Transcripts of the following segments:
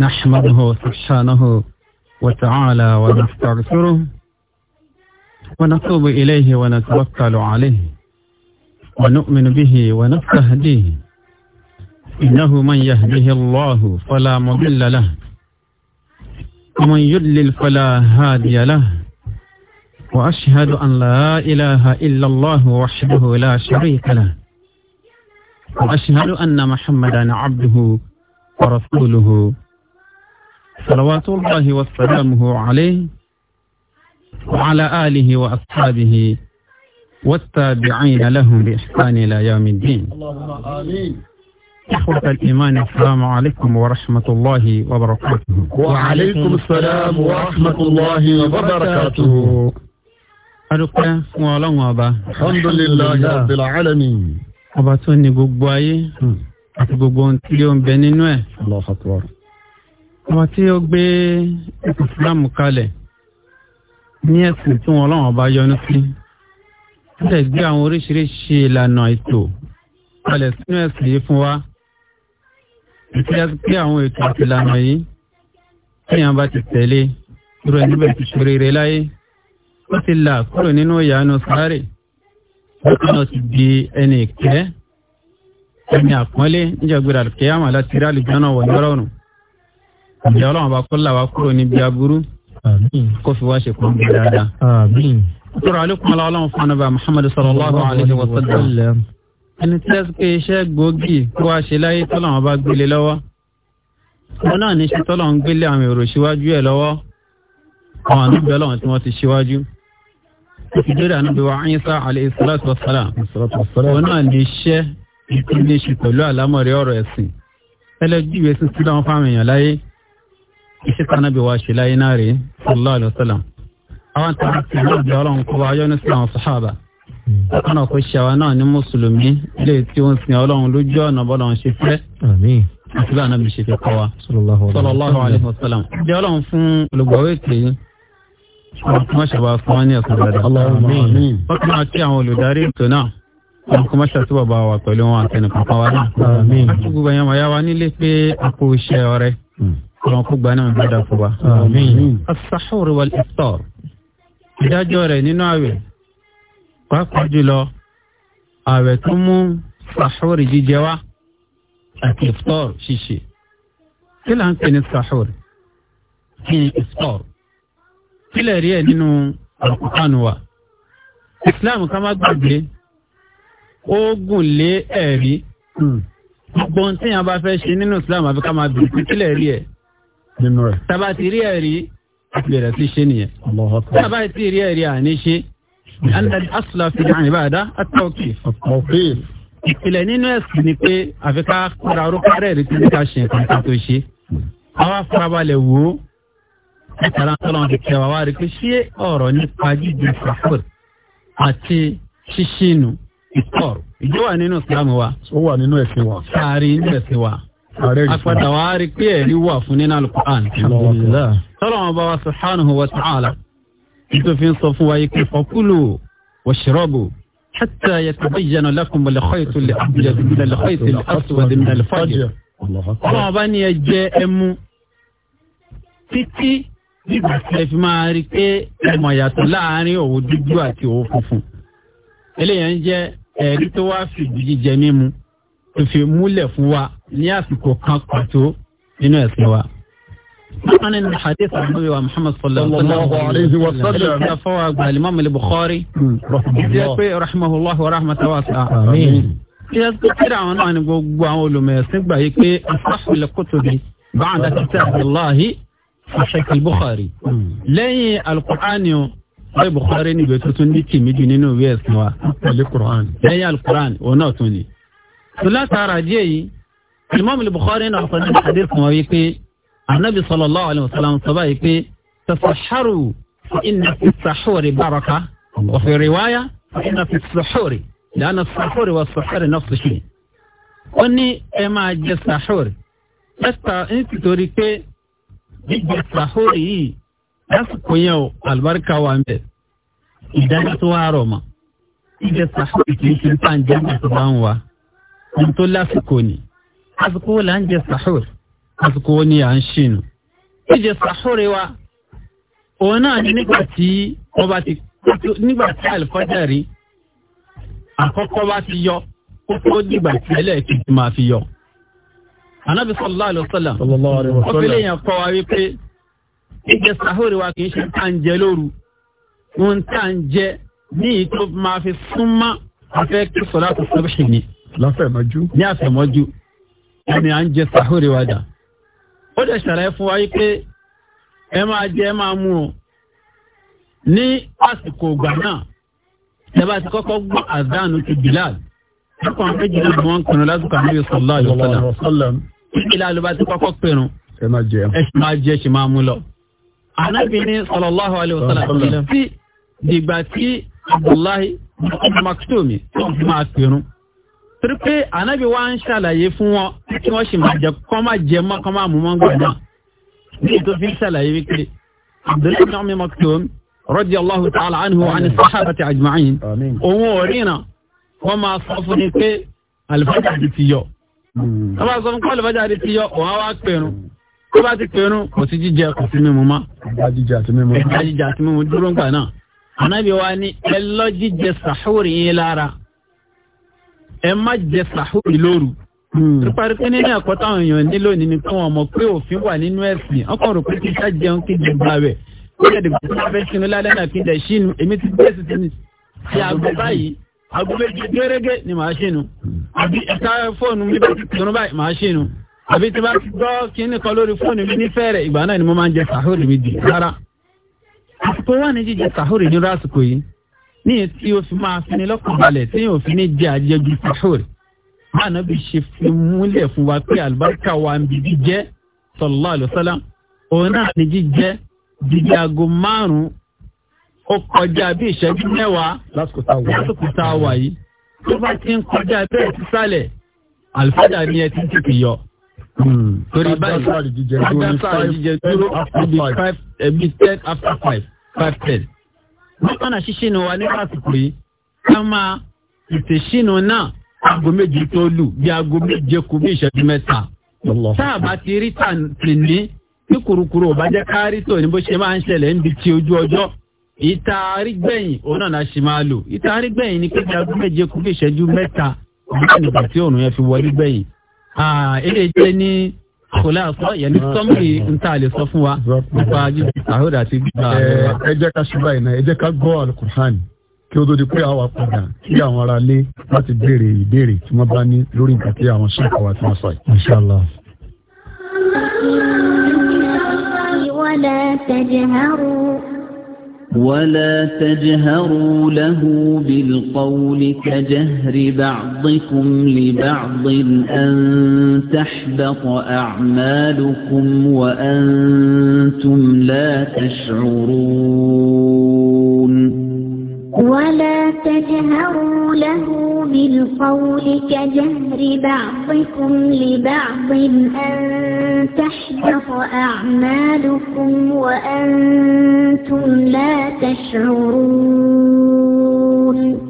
نحمده سبحانه وتعالى ونستغفره ونتوب إليه ونتوكل عليه ونؤمن به ونستهديه إنه من يهده الله فلا مضل له ومن يضلل فلا هادي له وأشهد أن لا إله إلا الله وحده لا شريك له وأشهد أن محمدا عبده ورسوله صلوات الله وسلامه عليه وعلى آله وأصحابه والتابعين لهم بإحسان إلى يوم الدين إخوة الإيمان السلام عليكم ورحمة الله وبركاته وعليكم السلام ورحمة الله وبركاته adúpẹ́ fún ọlọ́run ọba. alhamdulilayi rabbil alamin. ọba tó ní gbogbo ayé àti gbogbo ohun àwọn tí ó gbé islam kalẹ̀ ní ẹ̀sìn tí wọn ọlọ́run ọba yọ́nú sí wọ́n lè gbé àwọn oríṣiríṣi ìlànà ètò kalẹ̀ sínú ẹ̀sìn yìí fún wa ìfẹ́ gbé àwọn ètò àti ìlànà yìí tí yàn bá ti tẹ̀lé irú ẹni bẹ́ẹ̀ ti ṣoríire láyé ó ti là kúrò nínú ìyanu sáré bákan náà ti di ẹni ìkẹ́ ẹni àpọ́nlé níjàgbéra kíámà láti rí àlùjọ náà wọ̀ ìjọ ọlọ́run bá kó là wá kúrò níbi aburú kó fi wá ṣe kó bí dáadáa. tọ́rọ alekun ala ọlọ́run fún anaba muhammadu sallallahu alayhi wa sallam. ẹni tí ẹsùn pé iṣẹ́ gbòógì kó wá ṣe láyé tọ́lọ́run bá gbélé lọ́wọ́. wọn náà ní ṣe tọ́lọ́run gbélé àwọn èrò síwájú ẹ̀ lọ́wọ́ àwọn àdúgbò ọlọ́run tí wọ́n ti síwájú. ìdúró ànábi wa ayínsá alayhi salatu wa salam. wọn náà ní iṣẹ́ ìpínlẹ̀ ṣe pẹ̀lú àlámọ̀rí ọ̀rọ̀ ẹ̀sìn. ẹlẹ́jú ìwé sísúlọ́wọ́n iṣẹ́ tánà bí wàá ṣe láyé náà rèé sallallahu alayhi wa sallam àwọn tàbí tí wọ́n jẹ́ ọlọ́run kó wa yọ́nú sí àwọn sàhábà ọ̀nà kò ṣe àwa náà ní mùsùlùmí lè tí ó ń sin ọlọ́run lójú ọ̀nà bọ́lọ́run ṣe fẹ́ àti bá ànábì ṣe fi kọ́ wa sallallahu alayhi wa sallam jẹ́ ọlọ́run fún olùgbọ̀wé tè wọ́n ṣàbà fún wọn ní ẹ̀sùn dáadáa wọ́n tún máa olùdarí ètò náà wọn kò má ṣàtúbọ̀ wa pẹ̀lú wọn àtẹnukọ̀kan wa náà àti gbogbo ẹ̀yàn wáyá wa nílé pé a kò ṣe ọrẹ hmm kọ́lọ́n kó gbaná ìbádà fún wa. asahur wal iftar ìdájọ́ rẹ̀ nínú àwẹ̀ pàápàá jùlọ àwẹ̀ tó mú sahur jíjẹ wá àti iftar ṣíṣe kí là ń pè ní sahur kí ni iftar kí lè rí ẹ̀ nínú àkùkánù wa islam ká má gbàgbé ó lé ẹ̀rí hmm. gbogbo ohun tí yẹn bá fẹ́ ṣe nínú islam àfi ká máa bìrì kí lè rí ẹ̀ nínú rẹ̀. tàbá ti rí ẹ̀rí bẹ̀rẹ̀ sí ṣe nìyẹn. tàbá ti rí ẹ̀rí àní ṣe asla fi hàn ìbáàdá àtọ́kì. ìpìlẹ̀ nínú ẹ̀sìn ni pé àfi ká kóra orúkọ rẹ̀ rí tí ká ṣe nǹkan kan tó ṣe. àwa farabalẹ̀ wò ó ẹ̀tara tọ́lọ́ ti tẹ̀ wá wá rí pé ṣé ọ̀rọ̀ nípa jíjù sàfùr àti ṣíṣínú ìtọ́rù ìjọ wà nínú ìsìlámù wa. ó wà nínú ẹ̀sìn wa. sáré nínú ẹ̀sìn wa apata wa rí pé ẹ̀rí wà fún nínú alukur'an tọ́lọ̀ wọn bá wa subhanahu wa ta'ala nítorí sọ fún wa yìí pé fakulu washrabu hatta yatabayyana lakum al-khaytu al-abyad min al-khayti al-aswad min al-fajr ọlọ́wọ́n bá ní ẹ jẹ ẹ mu títí nígbà tí ẹ fi máa rí pé ẹ mọ̀ yàtọ̀ láàrin òwò dúdú àti òwò funfun eléyàn jẹ́ ẹ̀rí tó wá fìdí jíjẹ ó fi múlẹ̀ fún wa ní àsìkò kan pàtó nínú ẹ̀sìn wa. Bákan nínú hadith Ànábì wa Muhammad sallallahu alayhi wa sallam ní afọwọ́ àgbà Imam al-Bukhari. Ìjẹ́ hmm, pé rahmatulah wa rahmatulah wa Ìjẹ́ hmm. pé kíra àwọn náà ni gbogbo àwọn olùmọ̀ẹ̀sìn gbà yí pé Asafilẹ̀ Kutubi ba'da kitabillahi Ashaq al-Bukhari. Hmm. Lẹ́yìn al o, Bukhari ni ìgbésẹ̀ tún ní kìmí nínú ìwé ẹ̀sìn wa? Lẹ́yìn al òun náà tún ni tó látara díẹ̀ yìí Imam al-Bukhari náà sọ nínú hadith kan wáyé pé anabi sallallahu alayhi wa sallam sọ báyìí pé tasaharu fa inna fi sahuri baraka wa fi riwaya fa inna fi sahuri lana sahuri wa sahuri nafsu shi ó ní ẹ máa jẹ sahuri ẹsà nítorí pé jíjẹ sahuri yìí lásìkò yẹn o alibarika wà ń bẹ ìdájọ́ tó wà rọ̀ mọ́ jíjẹ sahuri kì í ṣe ń tàn jẹ́ nítorí wọn wá ohun tó lásìkò ni àsìkò wo là ń jẹ sàhùr àsìkò wo ni à ń ṣìnù jíjẹ sàhùr wa òun náà ni nígbà tí wọ́n bá ti nígbà tí àlùfájàrí àkọ́kọ́ bá ti yọ kó tó dìgbà tí ẹlẹ́ẹ̀kejì máa fi yọ. Ànábì sallallahu alaihi wasallam ó fi wa wípé jíjẹ sàhùr wa kì í ṣe tá à ń jẹ lóru ohun tá à ń jẹ ní ìtò máa fi súnmọ́ afẹ́ kí sọ̀rọ̀ àtúnṣe ṣe ni lọ́fẹ̀mọ́jú. ní àfẹ̀mọ́jú ẹni à ń jẹ sàhóre wa dà ó dẹ̀ ṣàlàyé fún wa yí pé ẹ máa jẹ ẹ máa mú o ní àsìkò ògbà náà tẹ́bà ti kọ́kọ́ gbọ́ àdánù ti bilal nípa méjì náà wọ́n ń pinnu lásìkò àmì ìsọ̀lá ìwọ̀sọ̀lá ìlà ló bá ti kọ́kọ́ pinnu ẹ máa jẹ ẹ ṣì máa mú lọ. anábì ní sallallahu alaihi wasallam tí dìgbà tí abdullahi torí pé ànábì wa ń ṣàlàyé fún wọn kí wọ́n sì máa jẹ kọ́ máa jẹ mọ́ kọ́ máa mú mọ́ gbà náà níbi tó fi ń ṣàlàyé wípé abdullahi bin ummi maktum radiyallahu ta'ala anhu wa ani sahabati ajma'in òun ò rìnà wọ́n máa sọ fún ni pé àlùfáàjà ti ti yọ hmm. wọ́n máa sọ fún kọ́ àlùfáàjà ti ti yọ òun á wá pẹ̀rùn tó bá ti pẹ̀rùn kò sí jíjẹ kò sí mímu mọ́ ẹ̀ka jíjẹ àti mímu dúró ń gbà náà ànábì wa ni ẹ lọ jíjẹ sàhúrì yín lára ẹ má jẹ sàhóòrì lóru hmm. nípa pé nínú ẹ̀kọ́ táwọn èèyàn ní ni kí wọ́n mọ̀ pé òfin wà nínú ẹ̀sìn ọkàn rò pé kí iṣẹ́ jẹun kí jẹ gba rẹ̀ kí jẹ dìbò tí wọ́n fẹ́ sinú lálẹ́ náà kí jẹ sínú èmi ti gbé sísè ní ti àgọ́ báyìí àgọ́ méjì gẹ́gẹ́ ni màá sínú àbí ẹ̀ka fóònù mi bá ti tunu báyìí màá sínú àbí tí bá ti gbọ́ kíní kan lórí fóònù mi ní fẹ́rẹ̀ ìgbà ni mo máa ń ní etí o fi máa fi ni lọ́kàn balẹ̀ tí yóò fi ní jẹ́ àjẹjù sahur báàná bí ṣe fi múlẹ̀ fún wa pé àlùbáríkà wa ń bi jíjẹ́ sallallahu alaihi wasallam òun náà ní jíjẹ́ jíjẹ aago márùn-ún ó kọjá bí ìṣẹ́jú mẹ́wàá lásìkò tá a wà yìí tó bá ti ń kọjá bẹ́ẹ̀ sísàlẹ̀ àlùfáàdà ni ẹ ti ń tètè yọ hmm. torí báyìí adásá jíjẹ dúró níbi five eh, ten after five five ten mọ́tànà ṣíṣínú wa nípa àsìkò yìí ká máa ìṣèṣínú náà aago méje tó lù bí aago méje kù bí ìṣẹ́jú mẹ́ta. tá a bá ti rí tàǹtì ní ní kurukuru ò bá jẹ́ káárí tó ní bó ṣe máa ń ṣẹlẹ̀ ń bi ti ojú ọjọ́ ìtaari gbẹ̀yìn òun náà la máa lò ìtaari gbẹ̀yìn ni pé bí aago méje kù bí ìṣẹ́jú mẹ́ta ọ̀gbọ́n nígbà tí òòrùn yẹn fi wọlé gbẹ̀yìn. eléyìí jẹ́ ní kòlá sọ sọmúlì nta lè sọ fún wa nípa àhóòdà àti gbígbà ẹ jẹ́ ká ṣe báyìí náà ẹ jẹ́ ká gbọ́ alukur'an kí ó tó di pé àwa padà kí àwọn ará lé láti béèrè ìbéèrè tí wọ́n bá ní lórí nǹkan tí àwọn ṣèkọ̀ wa ti wọ́n sọ yìí. inṣàlá. ولا تجهروا ولا تجهروا له بالقول كجهر بعضكم لبعض أن تحبط أعمالكم وأنتم لا تشعرون ولا تجهروا له بالقول كجهر بعضكم لبعض أن تحبط أعمالكم وأنتم لا تشعرون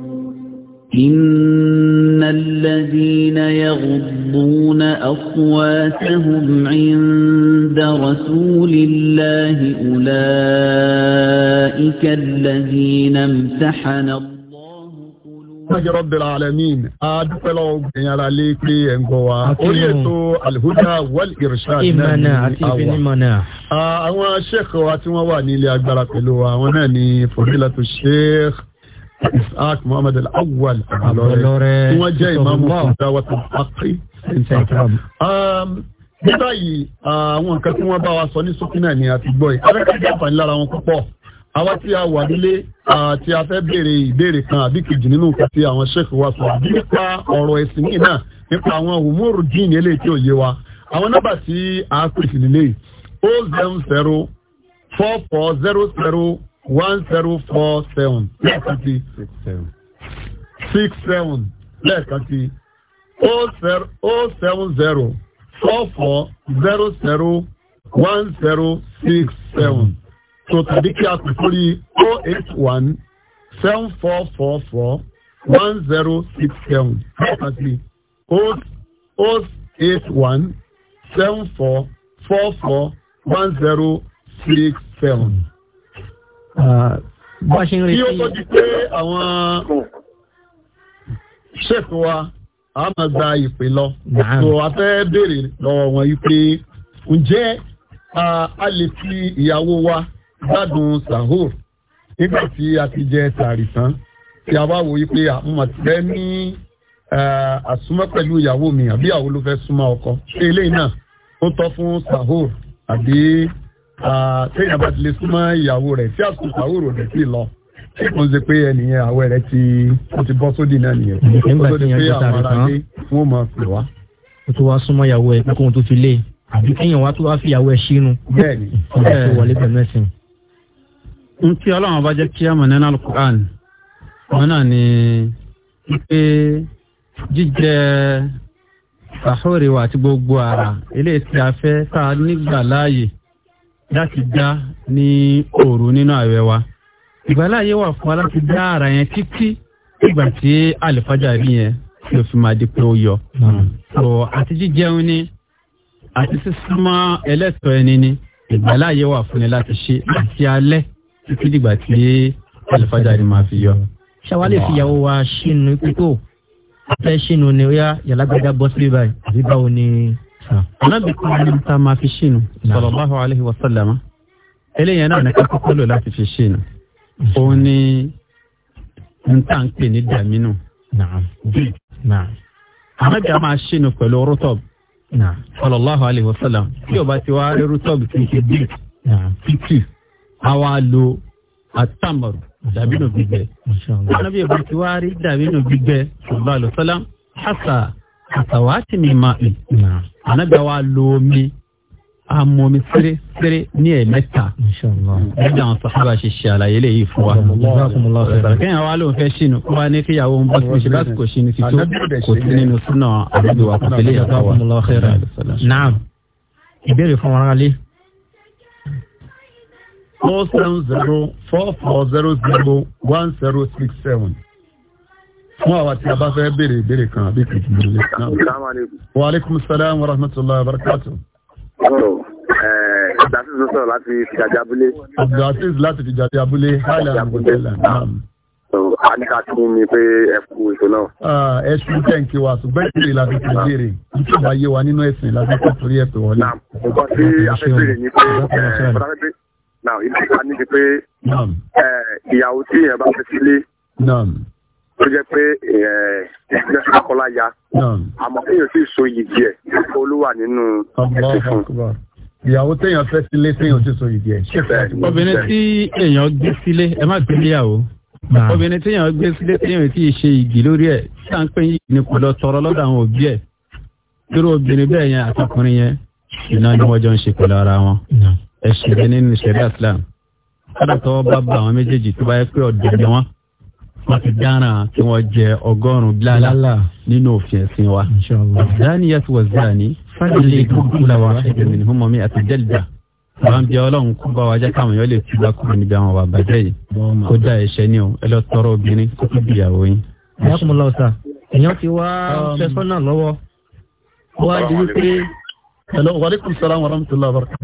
إن الذين يغضون أصواتهم عند رسول الله أولئك أولئك الذين امتحن الله Májẹ́ Rabbil Alamin, a dúpẹ́ lọ́wọ́ ẹ̀yìn ara lé pé ẹ̀ ń gbọ́ wa. Orí ètò Al-Huda wal Irshad náà ni àwa. Àwọn Sheikh wa tí wọ́n wà ní ilé agbára pẹ̀lú wa, àwọn náà ni Fadilatu Sheikh Isaac Muhammad Al-Awwal Àlọ́rẹ́, tí wọ́n jẹ́ ìmáàmù fún Dáwọ́tò Akri. Ní báyìí, àwọn nǹkan tí wọ́n bá wa sọ ní sókínà ni a yìí àwa tí a wà nílé àti a fẹ́ béèrè ìbéèrè kan àbí kejì nínú nǹkan tí àwọn sheikh wa sọ àbí nípa ọ̀rọ̀ ẹ̀sìn yìí náà nípa àwọn òmùrù dín eléyìí tí ò yé wa àwọn nọ́mbà tí a pè nílé yìí o seven zero four four zero zero one zero four seven lẹ́ẹ̀kan ti six seven lẹ́ẹ̀kan ti o seven zero four four zero zero one zero six seven so tàbí kí a pè sórí oh eight one seven four four four one zero six seven àti oh oh eight one seven four four four one zero six seven. Uh, bá a ṣe di pé àwọn ṣètò wa a máa gba ìpè lọ. so a fẹ́ béèrè lọ́wọ́ wọn yìí pé ǹjẹ́ uh, a lè fi ìyàwó wa gbádùn sahur nígbà tí a ti jẹ sàárì tán tí a bá wo yí pé àmọ́ ah, ti fẹ́ ní àsúnmọ́ pẹ̀lú ìyàwó mi àbí àwọn ló fẹ́ súnmọ́ ọkọ ṣé eléyìí náà ó tọ́ fún sahur àbí téèyàn bá ti lè súnmọ́ ìyàwó rẹ̀ tí àsùn sahur ò dẹ̀ sí lọ ṣé kò ń ṣe pé ẹnìyẹn àwẹ̀ rẹ̀ ti ó ti bọ́ sódì náà nìyẹn nígbà tí yẹn ti tún wá súnmọ́ ìyàwó ẹ̀ pé kóun tó fi lé e, àbí kéèyàn wá tó wá fi ìyàwó ẹ̀ sínú. bẹ́ẹ̀ni ọ̀rẹ́ ti wọlé pẹ̀lú n tí ọlọ́run bá jẹ́ kí a mọ̀ nínú alukur'an wọn náà ni pé jíjẹ sàhóòrè wa àti gbogbo ara eléyìí tí a fẹ́ tá a nígbà láàyè láti dá ní òru nínú ààwẹ̀ wa ìgbàláyé wà fún wa láti dá ara yẹn títí ìgbà tí àlùfájà rí yẹn tí o fi máa di pé ó yọ. so àti jíjẹun ni àti sísúnmọ́ ẹlẹ́tọ̀ọ́ ẹni ni ìgbàláyé wà fún ni láti ṣe àti alẹ́ títí dìgbà tí àlùfáàjà ni màá fi yọ. ṣàwálẹ̀ fìyàwó wa ṣìnú pípò fẹ́ ṣìnú ni ó yá yàlágbájá bọ́ sílé báyìí àbí báwo ni. alábì kan ní ta máa fi ṣìnú sallallahu alaihi wa sallama eléyẹn náà ní ká kọ́kọ́ lò láti fi ṣìnú òun ni n tà ń pè ní dàmínú. àmọ́jà máa ṣìnú pẹ̀lú rútọ́bù sallallahu alaihi wa sallam tí o bá ti wá rútọ́bù kì í ṣe bíi àwa lo àtàmọ̀rù dàbínú gbígbẹ. Ànábì ìbọn ti wá rí dàbínú gbígbẹ sallallahu alaihi wasallam hasa àtàwátì mi máa pè. Ànábì àwa lo omi amomi sere sere ní ẹ̀mẹ́ta. Nígbà àwọn sàhábà ṣe ṣe àlàyé lè yìí fún wa. Kẹ́yìn àwa ló ń fẹ́ ṣìnú kó wa ní kíyàwó ń bọ́ sí oṣù lásìkò ṣìnú ti tó kò sí nínú súnà àdúgbò wa kò sí lè yàtọ̀ wa. ìbéèrè fún wa rálé four seven zero four four zero zero one zero six seven. fún àwa tí a bá fẹ́ béèrè ìbéèrè kan àbí kìkì ìbéèrè náà. wa aleykum salaam wa rahmatulahi wa barakatu. Eh, Abdulaziz sọ̀rọ̀ láti Fìjàdé Abúlé. Abdulaziz láti Fìjàdé Abúlé, Hàlẹ́ Àbúlé. A ní tún mi pé ẹ kú ètò náà. Ah, ẹ ṣú tẹ̀ǹkì wa, ṣùgbọ́n ìbéèrè la fi tún béèrè. Ìtura yé wa nínú ẹ̀sìn la fi tún torí ẹ̀pẹ̀ wọlé. Nǹkan tí a fẹ́ béèrè ni pé náà ilé ìka ní ti pé ìyàwó tí èèyàn bá fẹ́ sílé tó jẹ́ pé eh, ìgbésẹ̀ kọ́lá ya àmọ́ kéèyàn sì so yìgì ẹ̀ olúwa nínú ẹ̀sìn fún un ìyàwó téèyàn fẹ́ sílé téèyàn ti so yìí ẹ̀. obìnrin tí èèyàn gbé sílé ẹ má gbé níyàwó obìnrin téèyàn gbé sílé téèyàn ti ṣe igi lórí ẹ̀ tá n pè yìí ni kò lọ tọrọ lọ́dọ̀ àwọn òbí ẹ̀ dúró obìnrin bẹ́ẹ̀ yẹn àtọkùnrin yẹn iná ni wọ́n jọ ń ṣe pẹ̀lú ara wọn ẹ̀sùn jẹ nínú ìṣẹ̀lẹ̀ islam kádà tọ́wọ́ bá bá àwọn méjèèjì tó bá yẹ pé ọ̀dẹ̀ ni wọ́n wọ́n ti dáràn kí wọ́n jẹ ọgọ́rùn-ún bílálà nínú òfin ẹ̀sìn wa. zani yẹtu wa zani fàdílé kúkúlà wa ṣẹ̀dẹ̀ mi ni fún mọ́mí àti jẹ́lìdà. wọ́n bí ọlọ́run kú bá wájà káwọn yóò lè tú bá kúrò níbi àwọn bàbàjẹ́ yìí. kó dá ẹ̀ṣẹ̀ ni o ẹ lọ tọrọ obìnrin kó tó bìyàwó yín. ìyá ti wá um, fẹ́ sọ́nà lọ́wọ́ wá